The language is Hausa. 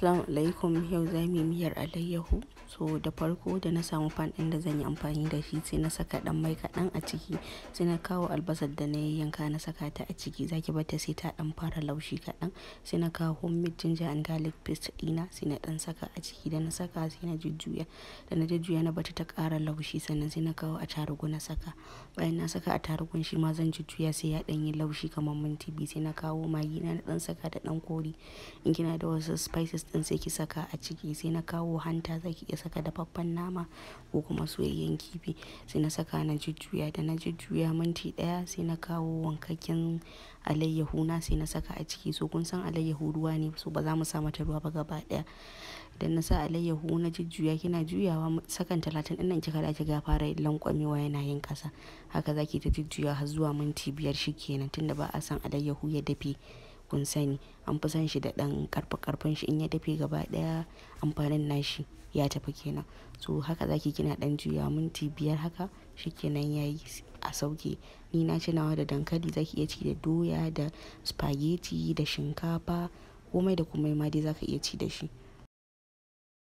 Assalamu alaikum yau za mu yi miyar alayyahu so da farko da na samu fan ɗin da zan yi amfani da shi sai na saka ɗan mai kaɗan a ciki sai na kawo albasar da na yi yanka na saka ta a ciki zaki bata sai ta ɗan fara laushi kaɗan sai na kawo homemade ginger and garlic paste ɗina sai na ɗan saka a ciki da na saka sai na jujjuya da na jujjuya na bata ta ƙara laushi sannan sai na kawo a tarugu na saka bayan na saka a tarugun shi ma zan jujjuya sai ya ɗan yi laushi kamar minti biyu sai na kawo magi na ɗan saka da ɗan kori in kina da wasu spices in sai ki saka a ciki sai na kawo hanta za ki iya saka dafaffen nama ko kuma soyayyen kifi sai na saka na jujjuya da na jujjuya minti daya sai na kawo wankakken alayyahu na sai na saka a ciki so kun san alayyahu ruwa ne so ba za mu sa mata ruwa ba gaba daya idan na sa alayyahu na jujjuya kina juyawa sakan talatin ɗin nan kika dace ga fara lankwamewa yana yin kasa haka zaki ta jujjuya har zuwa minti biyar shi kenan tunda ba a san alayyahu ya dafe kun sani an fi san shi da ɗan karfe-karfen shi in ya tafi gaba ɗaya amfanin nashi ya tafi kenan so haka zaki kina ɗan juya minti biyar haka shikenan yayi a sauke ni na ci nawa da dankali zaki iya ci da doya da spaghetti da shinkafa komai da komai ma dai zaka iya ci da shi